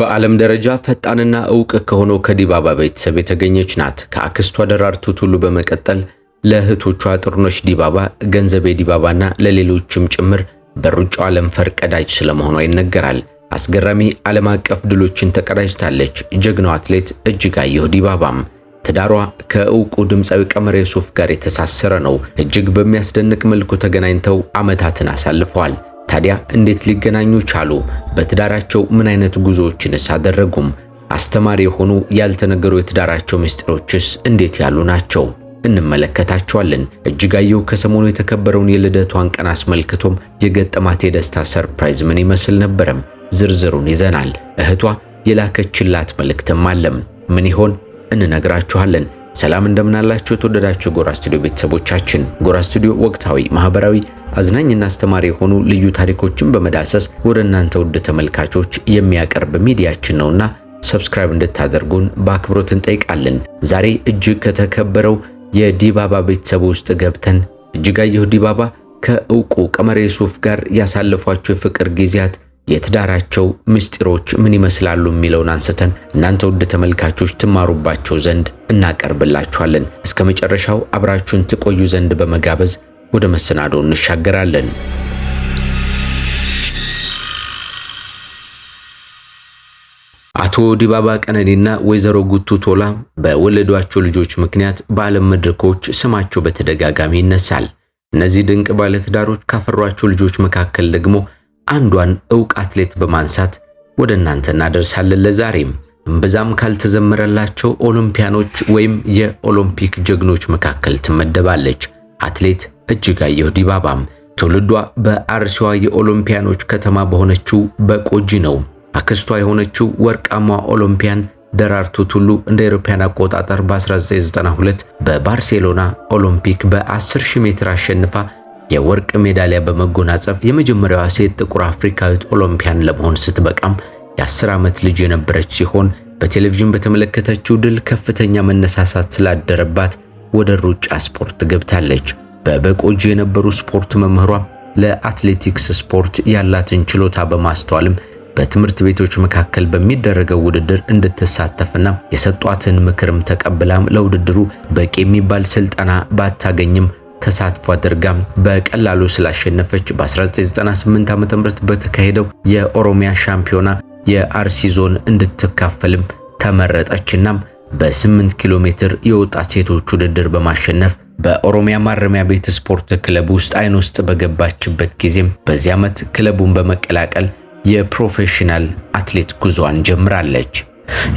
በዓለም ደረጃ ፈጣንና እውቅ ከሆነው ከዲባባ ቤተሰብ የተገኘች ናት። ከአክስቷ ደራርቱ ቱሉ በመቀጠል ለእህቶቿ ጥሩነሽ ዲባባ፣ ገንዘቤ ዲባባና ለሌሎችም ጭምር በሩጫ ዓለም ፈርቀዳጅ ስለመሆኗ ይነገራል። አስገራሚ ዓለም አቀፍ ድሎችን ተቀዳጅታለች። ጀግናው አትሌት እጅጋየሁ ዲባባም ትዳሯ ከእውቁ ድምፃዊ ቀመር የሱፍ ጋር የተሳሰረ ነው። እጅግ በሚያስደንቅ መልኩ ተገናኝተው ዓመታትን አሳልፈዋል። ታዲያ እንዴት ሊገናኙ ቻሉ? በትዳራቸው ምን አይነት ጉዞዎችንስ አደረጉም? አስተማሪ የሆኑ ያልተነገሩ የትዳራቸው ምስጢሮችስ እንዴት ያሉ ናቸው? እንመለከታቸዋለን። እጅጋየሁ ከሰሞኑ የተከበረውን የልደቷን ቀን አስመልክቶም የገጠማት የደስታ ሰርፕራይዝ ምን ይመስል ነበረም? ዝርዝሩን ይዘናል። እህቷ የላከችላት መልእክትም አለም። ምን ይሆን እንነግራችኋለን። ሰላም እንደምናላችሁ የተወደዳችሁ ጎራ ስቱዲዮ ቤተሰቦቻችን። ጎራ ስቱዲዮ ወቅታዊ፣ ማህበራዊ፣ አዝናኝና አስተማሪ የሆኑ ልዩ ታሪኮችን በመዳሰስ ወደ እናንተ ውድ ተመልካቾች የሚያቀርብ ሚዲያችን ነውና ሰብስክራይብ እንድታደርጉን በአክብሮት እንጠይቃለን። ዛሬ እጅግ ከተከበረው የዲባባ ቤተሰብ ውስጥ ገብተን እጅጋየሁ ዲባባ ከእውቁ ቀመር ዩሱፍ ጋር ያሳለፏቸው የፍቅር ጊዜያት የትዳራቸው ምስጢሮች ምን ይመስላሉ የሚለውን አንስተን እናንተ ውድ ተመልካቾች ትማሩባቸው ዘንድ እናቀርብላችኋለን። እስከ መጨረሻው አብራችሁን ትቆዩ ዘንድ በመጋበዝ ወደ መሰናዶ እንሻገራለን። አቶ ዲባባ ቀነኒና ወይዘሮ ጉቱ ቶላ በወለዷቸው ልጆች ምክንያት በዓለም መድረኮች ስማቸው በተደጋጋሚ ይነሳል። እነዚህ ድንቅ ባለትዳሮች ካፈሯቸው ልጆች መካከል ደግሞ አንዷን እውቅ አትሌት በማንሳት ወደ እናንተ እናደርሳለን። ለዛሬም እምብዛም ካልተዘመረላቸው ኦሎምፒያኖች ወይም የኦሎምፒክ ጀግኖች መካከል ትመደባለች። አትሌት እጅጋየሁ ዲባባም ትውልዷ በአርሲዋ የኦሎምፒያኖች ከተማ በሆነችው በቆጂ ነው። አክስቷ የሆነችው ወርቃማ ኦሎምፒያን ደራርቱ ቱሉ እንደ አውሮፓውያን አቆጣጠር በ1992 በባርሴሎና ኦሎምፒክ በ10000 ሜትር አሸንፋ የወርቅ ሜዳሊያ በመጎናጸፍ የመጀመሪያዋ ሴት ጥቁር አፍሪካዊት ኦሎምፒያን ለመሆን ስትበቃም የ10 ዓመት ልጅ የነበረች ሲሆን በቴሌቪዥን በተመለከተችው ድል ከፍተኛ መነሳሳት ስላደረባት ወደ ሩጫ ስፖርት ገብታለች። በበቆጂ የነበሩ ስፖርት መምህሯ ለአትሌቲክስ ስፖርት ያላትን ችሎታ በማስተዋልም በትምህርት ቤቶች መካከል በሚደረገው ውድድር እንድትሳተፍና የሰጧትን ምክርም ተቀብላም ለውድድሩ በቂ የሚባል ስልጠና ባታገኝም ተሳትፎ አድርጋም በቀላሉ ስላሸነፈች በ1998 ዓ.ም በተካሄደው የኦሮሚያ ሻምፒዮና የአርሲ ዞን እንድትካፈልም ተመረጠችና በ8 ኪሎ ሜትር የወጣት ሴቶች ውድድር በማሸነፍ በኦሮሚያ ማረሚያ ቤት ስፖርት ክለብ ውስጥ አይን ውስጥ በገባችበት ጊዜም በዚህ ዓመት ክለቡን በመቀላቀል የፕሮፌሽናል አትሌት ጉዞዋን ጀምራለች።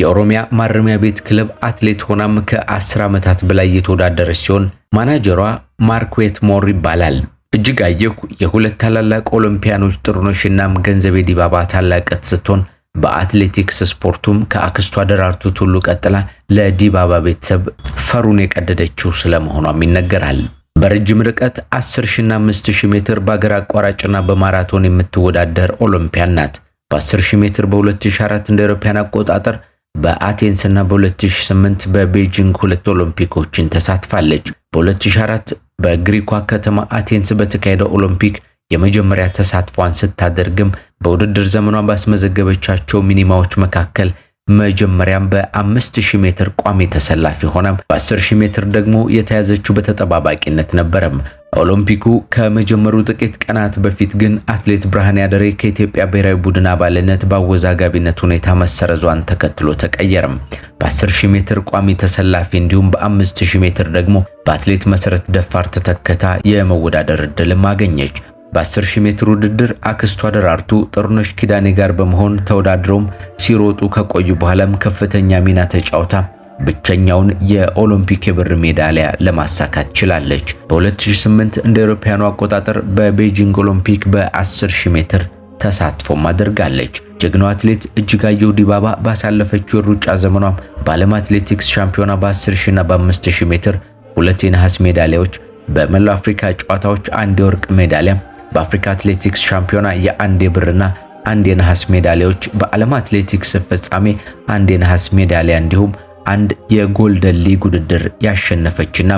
የኦሮሚያ ማረሚያ ቤት ክለብ አትሌት ሆናም ከ10 ዓመታት በላይ የተወዳደረች ሲሆን ማናጀሯ ማርኩዌት ሞር ይባላል። እጅጋየሁ የሁለት ታላላቅ ኦሎምፒያኖች ጥሩነሽ እናም ገንዘቤ ዲባባ ታላቅ ስትሆን በአትሌቲክስ ስፖርቱም ከአክስቷ ደራርቱ ቱሉ ቀጥላ ለዲባባ ቤተሰብ ፈሩን የቀደደችው ስለመሆኗም ይነገራል። በረጅም ርቀት 10 ሺና 5 ሜትር በአገር አቋራጭና በማራቶን የምትወዳደር ኦሎምፒያን ናት። በ10000 ሜትር በ2004 እንደ አውሮፓውያን አቆጣጠር በአቴንስ እና በ2008 በቤጂንግ ሁለት ኦሎምፒኮችን ተሳትፋለች። በ2004 በግሪኳ ከተማ አቴንስ በተካሄደው ኦሎምፒክ የመጀመሪያ ተሳትፏን ስታደርግም በውድድር ዘመኗ ባስመዘገበቻቸው ሚኒማዎች መካከል መጀመሪያም በ5000 ሜትር ቋሚ ተሰላፊ ሆና በ10000 ሜትር ደግሞ የተያዘችው በተጠባባቂነት ነበረም። ኦሎምፒኩ ከመጀመሩ ጥቂት ቀናት በፊት ግን አትሌት ብርሃኔ አደሬ ከኢትዮጵያ ብሔራዊ ቡድን አባልነት በአወዛጋቢነት ሁኔታ መሰረዟን ተከትሎ ተቀየረም። በ10000 ሜትር ቋሚ ተሰላፊ እንዲሁም በ5000 ሜትር ደግሞ በአትሌት መሰረት ደፋር ተተከታ የመወዳደር እድልም አገኘች። በ10000 ሜትር ውድድር አክስቷ ደራርቱ ጥሩነሽ ኪዳኔ ጋር በመሆን ተወዳድረውም ሲሮጡ ከቆዩ በኋላም ከፍተኛ ሚና ተጫውታ ብቸኛውን የኦሎምፒክ የብር ሜዳሊያ ለማሳካት ችላለች። በ2008 እንደ አውሮፓውያኑ አቆጣጠር በቤጂንግ ኦሎምፒክ በ10000 ሜትር ተሳትፎም አድርጋለች። ጀግናው አትሌት እጅጋየሁ ዲባባ ባሳለፈችው የሩጫ ዘመኗም በዓለም አትሌቲክስ ሻምፒዮና በ10000 እና በ5000 ሜትር ሁለት የነሐስ ሜዳሊያዎች፣ በመላው አፍሪካ ጨዋታዎች አንድ የወርቅ ሜዳሊያ፣ በአፍሪካ አትሌቲክስ ሻምፒዮና የአንድ የብርና አንድ የነሐስ ሜዳሊያዎች፣ በዓለም አትሌቲክስ ፍጻሜ አንድ የነሐስ ሜዳሊያ እንዲሁም አንድ የጎልደን ሊግ ውድድር ያሸነፈችና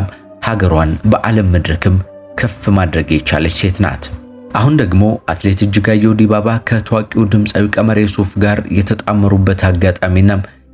ሀገሯን በዓለም መድረክም ከፍ ማድረግ የቻለች ሴት ናት። አሁን ደግሞ አትሌት እጅጋየሁ ዲባባ ከታዋቂው ድምፃዊ ቀመር የሱፍ ጋር የተጣመሩበት አጋጣሚና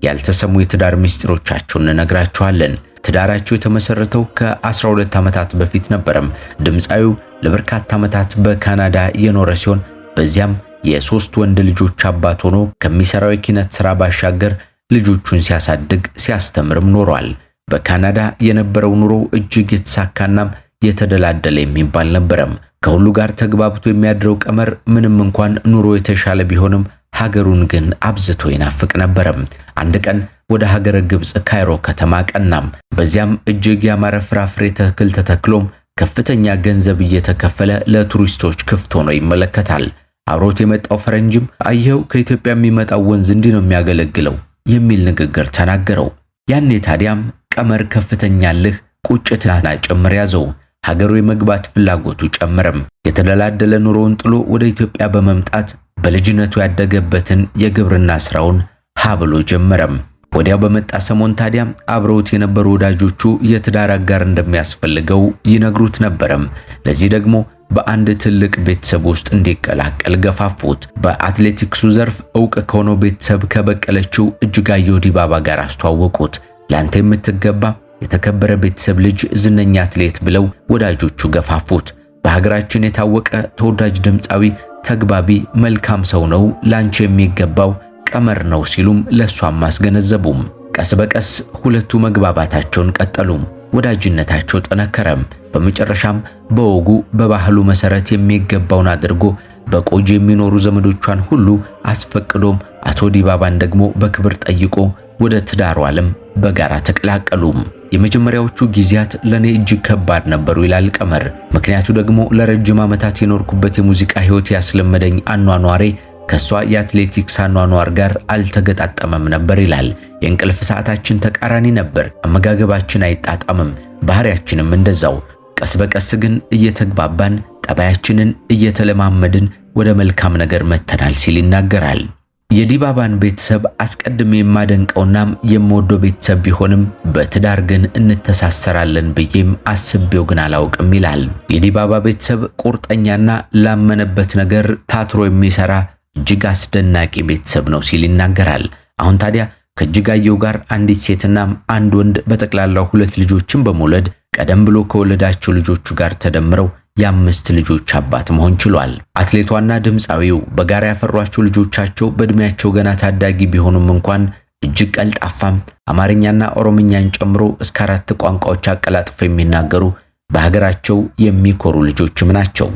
ያልተሰሙ የትዳር ምስጢሮቻቸውን እንነግራችኋለን። ትዳራቸው የተመሰረተው ከ12 ዓመታት በፊት ነበረም። ድምፃዊው ለበርካታ ዓመታት በካናዳ የኖረ ሲሆን በዚያም የሶስት ወንድ ልጆች አባት ሆኖ ከሚሰራው የኪነት ስራ ባሻገር ልጆቹን ሲያሳድግ ሲያስተምርም ኖሯል። በካናዳ የነበረው ኑሮ እጅግ የተሳካናም የተደላደለ የሚባል ነበረም። ከሁሉ ጋር ተግባብቶ የሚያድረው ቀመር ምንም እንኳን ኑሮ የተሻለ ቢሆንም ሀገሩን ግን አብዝቶ ይናፍቅ ነበረም። አንድ ቀን ወደ ሀገረ ግብፅ ካይሮ ከተማ ቀናም። በዚያም እጅግ ያማረ ፍራፍሬ ተክል ተተክሎም ከፍተኛ ገንዘብ እየተከፈለ ለቱሪስቶች ክፍት ሆኖ ይመለከታል። አብሮት የመጣው ፈረንጅም አየው ከኢትዮጵያ የሚመጣው ወንዝ እንዲህ ነው የሚያገለግለው የሚል ንግግር ተናገረው። ያኔ ታዲያም ቀመር ከፍተኛልህ ቁጭትና ጭምር ያዘው። ሀገሩ የመግባት ፍላጎቱ ጨምረም የተደላደለ ኑሮውን ጥሎ ወደ ኢትዮጵያ በመምጣት በልጅነቱ ያደገበትን የግብርና ስራውን ሀብሎ ጀመረም። ወዲያው በመጣ ሰሞን ታዲያም አብረውት የነበሩ ወዳጆቹ የትዳር አጋር እንደሚያስፈልገው ይነግሩት ነበረም። ለዚህ ደግሞ በአንድ ትልቅ ቤተሰብ ውስጥ እንዲቀላቀል ገፋፉት። በአትሌቲክሱ ዘርፍ እውቅ ከሆነው ቤተሰብ ከበቀለችው እጅጋየሁ ዲባባ ጋር አስተዋወቁት። ላንተ የምትገባ የተከበረ ቤተሰብ ልጅ፣ ዝነኛ አትሌት ብለው ወዳጆቹ ገፋፉት። በሀገራችን የታወቀ ተወዳጅ ድምፃዊ፣ ተግባቢ፣ መልካም ሰው ነው፣ ላንቺ የሚገባው ቀመር ነው ሲሉም ለሷም አስገነዘቡም። ቀስ በቀስ ሁለቱ መግባባታቸውን ቀጠሉም። ወዳጅነታቸው ጠነከረም። በመጨረሻም በወጉ በባህሉ መሰረት የሚገባውን አድርጎ በቆጂ የሚኖሩ ዘመዶቿን ሁሉ አስፈቅዶም አቶ ዲባባን ደግሞ በክብር ጠይቆ ወደ ትዳሩ ዓለም በጋራ ተቀላቀሉም። የመጀመሪያዎቹ ጊዜያት ለኔ እጅግ ከባድ ነበሩ ይላል ቀመር። ምክንያቱ ደግሞ ለረጅም ዓመታት የኖርኩበት የሙዚቃ ህይወት ያስለመደኝ አኗኗሬ ከእሷ የአትሌቲክስ አኗኗር ጋር አልተገጣጠመም ነበር ይላል። የእንቅልፍ ሰዓታችን ተቃራኒ ነበር፣ አመጋገባችን አይጣጣምም፣ ባህሪያችንም እንደዛው። ቀስ በቀስ ግን እየተግባባን ጠባያችንን እየተለማመድን ወደ መልካም ነገር መተናል ሲል ይናገራል። የዲባባን ቤተሰብ አስቀድሜ የማደንቀውናም የምወደው ቤተሰብ ቢሆንም በትዳር ግን እንተሳሰራለን ብዬም አስቤው ግን አላውቅም ይላል። የዲባባ ቤተሰብ ቁርጠኛና ላመነበት ነገር ታትሮ የሚሰራ እጅግ አስደናቂ ቤተሰብ ነው ሲል ይናገራል። አሁን ታዲያ ከእጅጋየሁ ጋር አንዲት ሴትና አንድ ወንድ በጠቅላላው ሁለት ልጆችን በመውለድ ቀደም ብሎ ከወለዳቸው ልጆቹ ጋር ተደምረው የአምስት ልጆች አባት መሆን ችሏል። አትሌቷና ድምፃዊው በጋራ ያፈሯቸው ልጆቻቸው በእድሜያቸው ገና ታዳጊ ቢሆኑም እንኳን እጅግ ቀልጣፋም አማርኛና ኦሮምኛን ጨምሮ እስከ አራት ቋንቋዎች አቀላጥፈው የሚናገሩ በሀገራቸው የሚኮሩ ልጆችም ናቸው።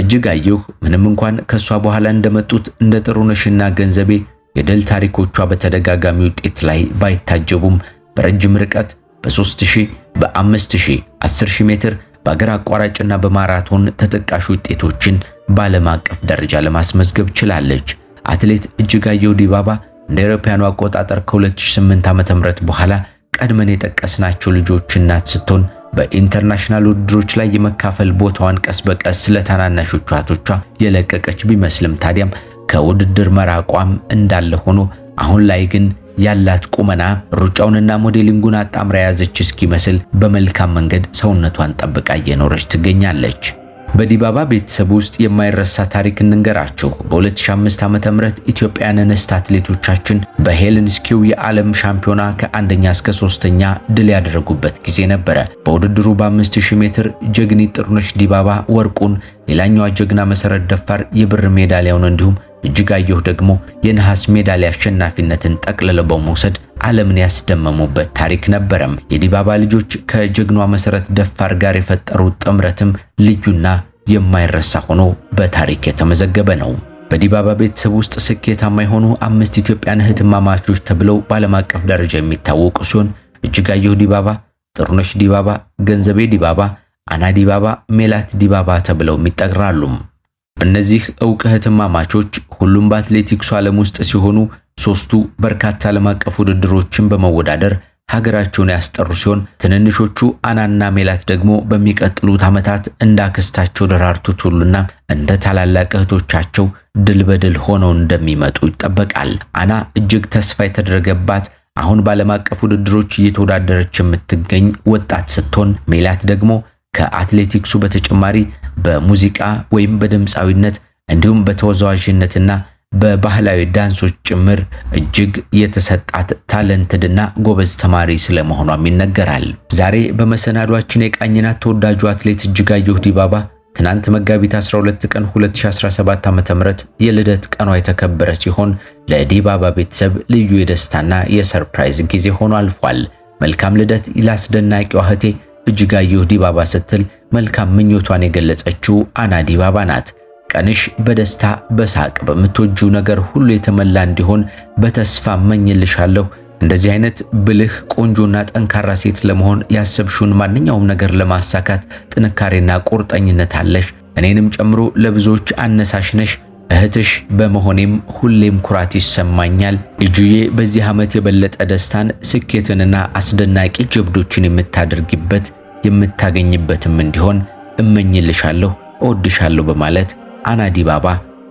እጅጋየሁ ምንም እንኳን ከሷ በኋላ እንደመጡት እንደ ጥሩነሽና ገንዘቤ የድል ታሪኮቿ በተደጋጋሚ ውጤት ላይ ባይታጀቡም በረጅም ርቀት በ3000 በ5000 10000 ሜትር በአገር አቋራጭና በማራቶን ተጠቃሽ ውጤቶችን በዓለም አቀፍ ደረጃ ለማስመዝገብ ችላለች። አትሌት እጅጋየሁ ዲባባ እንደ አውሮፓውያኑ አቆጣጠር ከ2008 ዓ.ም በኋላ ቀድመን የጠቀስናቸው ልጆች እናት ስትሆን በኢንተርናሽናል ውድድሮች ላይ የመካፈል ቦታዋን ቀስ በቀስ ለታናናሾቿ እህቶቿ የለቀቀች ቢመስልም ታዲያም ከውድድር መራቋም እንዳለ ሆኖ አሁን ላይ ግን ያላት ቁመና ሩጫውንና ሞዴሊንጉን አጣምራ የያዘች እስኪመስል በመልካም መንገድ ሰውነቷን ጠብቃ እየኖረች ትገኛለች። በዲባባ ቤተሰብ ውስጥ የማይረሳ ታሪክ እንንገራችሁ። በ2005 ም ኢትዮጵያን እንስት አትሌቶቻችን በሄልንስኪው የዓለም ሻምፒዮና ከአንደኛ እስከ ሶስተኛ ድል ያደረጉበት ጊዜ ነበረ። በውድድሩ በ5000 ሜትር ጀግኒት ጥሩነሽ ዲባባ ወርቁን፣ ሌላኛዋ ጀግና መሰረት ደፋር የብር ሜዳሊያውን እንዲሁም እጅጋየሁ ደግሞ የነሐስ ሜዳሊያ አሸናፊነትን ጠቅልለው በመውሰድ ዓለምን ያስደመሙበት ታሪክ ነበረም። የዲባባ ልጆች ከጀግኗ መሰረት ደፋር ጋር የፈጠሩት ጥምረትም ልዩና የማይረሳ ሆኖ በታሪክ የተመዘገበ ነው። በዲባባ ቤተሰብ ውስጥ ስኬታማ የሆኑ አምስት ኢትዮጵያን እህትማማቾች ተብለው በዓለም አቀፍ ደረጃ የሚታወቁ ሲሆን እጅጋየሁ ዲባባ፣ ጥሩነሽ ዲባባ፣ ገንዘቤ ዲባባ፣ አና ዲባባ፣ ሜላት ዲባባ ተብለው ይጠራሉ። እነዚህ እውቅ እህትማማቾች ሁሉም በአትሌቲክሱ ዓለም ውስጥ ሲሆኑ ሶስቱ በርካታ ዓለም አቀፍ ውድድሮችን በመወዳደር ሀገራቸውን ያስጠሩ ሲሆን ትንንሾቹ አናና ሜላት ደግሞ በሚቀጥሉት ዓመታት እንዳክስታቸው ደራርቱ ቱሉና እንደ ታላላቅ እህቶቻቸው ድል በድል ሆነው እንደሚመጡ ይጠበቃል። አና እጅግ ተስፋ የተደረገባት አሁን በዓለም አቀፍ ውድድሮች እየተወዳደረች የምትገኝ ወጣት ስትሆን ሜላት ደግሞ ከአትሌቲክሱ በተጨማሪ በሙዚቃ ወይም በድምፃዊነት እንዲሁም በተወዛዋዥነትና በባህላዊ ዳንሶች ጭምር እጅግ የተሰጣት ታለንትድና ጎበዝ ተማሪ ስለመሆኗም ይነገራል። ዛሬ በመሰናዷችን የቃኝናት ተወዳጁ አትሌት እጅጋየሁ ዲባባ ትናንት መጋቢት 12 ቀን 2017 ዓ.ም የልደት ቀኗ የተከበረ ሲሆን ለዲባባ ቤተሰብ ልዩ የደስታና የሰርፕራይዝ ጊዜ ሆኖ አልፏል። መልካም ልደት ላስደናቂዋ እህቴ እጅጋየሁ ዲባባ ስትል መልካም ምኞቷን የገለጸችው አና ዲባባ ናት። ቀንሽ በደስታ በሳቅ በምትወጁ ነገር ሁሉ የተመላ እንዲሆን በተስፋ መኝልሻለሁ። እንደዚህ አይነት ብልህ ቆንጆና ጠንካራ ሴት ለመሆን ያሰብሽውን ማንኛውም ነገር ለማሳካት ጥንካሬና ቁርጠኝነት አለሽ። እኔንም ጨምሮ ለብዙዎች አነሳሽ ነሽ። እህትሽ በመሆኔም ሁሌም ኩራት ይሰማኛል። እጁዬ በዚህ ዓመት የበለጠ ደስታን፣ ስኬትንና አስደናቂ ጀብዶችን የምታደርግበት የምታገኝበትም እንዲሆን እመኝልሻለሁ፣ እወድሻለሁ በማለት አና ዲባባ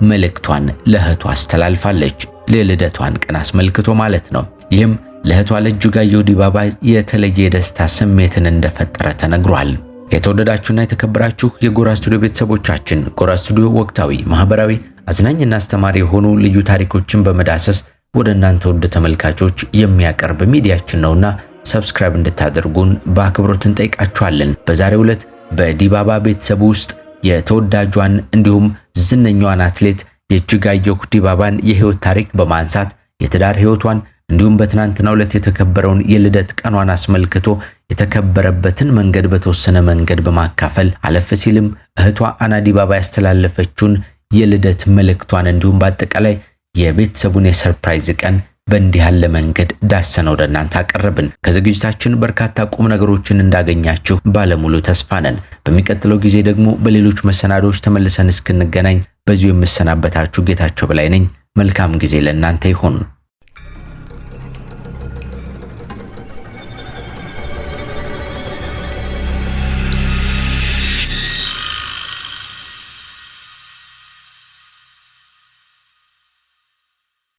መልእክቷን ለእህቷ አስተላልፋለች። ለልደቷን ቀን አስመልክቶ ማለት ነው። ይህም ለእህቷ ለእጅጋየሁ ዲባባ የተለየ የደስታ ስሜትን እንደፈጠረ ተነግሯል። የተወደዳችሁና የተከበራችሁ የጎራ ስቱዲዮ ቤተሰቦቻችን ጎራ ስቱዲዮ ወቅታዊ፣ ማህበራዊ፣ አዝናኝና አስተማሪ የሆኑ ልዩ ታሪኮችን በመዳሰስ ወደ እናንተ ውድ ተመልካቾች የሚያቀርብ ሚዲያችን ነውና ሰብስክራይብ እንድታደርጉን በአክብሮት እንጠይቃችኋለን። በዛሬው ዕለት በዲባባ ቤተሰብ ውስጥ የተወዳጇን እንዲሁም ዝነኛዋን አትሌት የእጅጋየሁ ዲባባን የህይወት ታሪክ በማንሳት የትዳር ህይወቷን እንዲሁም በትናንትናው ዕለት የተከበረውን የልደት ቀኗን አስመልክቶ የተከበረበትን መንገድ በተወሰነ መንገድ በማካፈል አለፍ ሲልም እህቷ አና ዲባባ ያስተላለፈችውን የልደት መልእክቷን እንዲሁም በአጠቃላይ የቤተሰቡን የሰርፕራይዝ ቀን በእንዲህ ያለ መንገድ ዳሰነው ወደ እናንተ አቀረብን። ከዝግጅታችን በርካታ ቁም ነገሮችን እንዳገኛችሁ ባለሙሉ ተስፋ ነን። በሚቀጥለው ጊዜ ደግሞ በሌሎች መሰናዶዎች ተመልሰን እስክንገናኝ በዚሁ የምሰናበታችሁ ጌታቸው በላይ ነኝ። መልካም ጊዜ ለእናንተ ይሁን።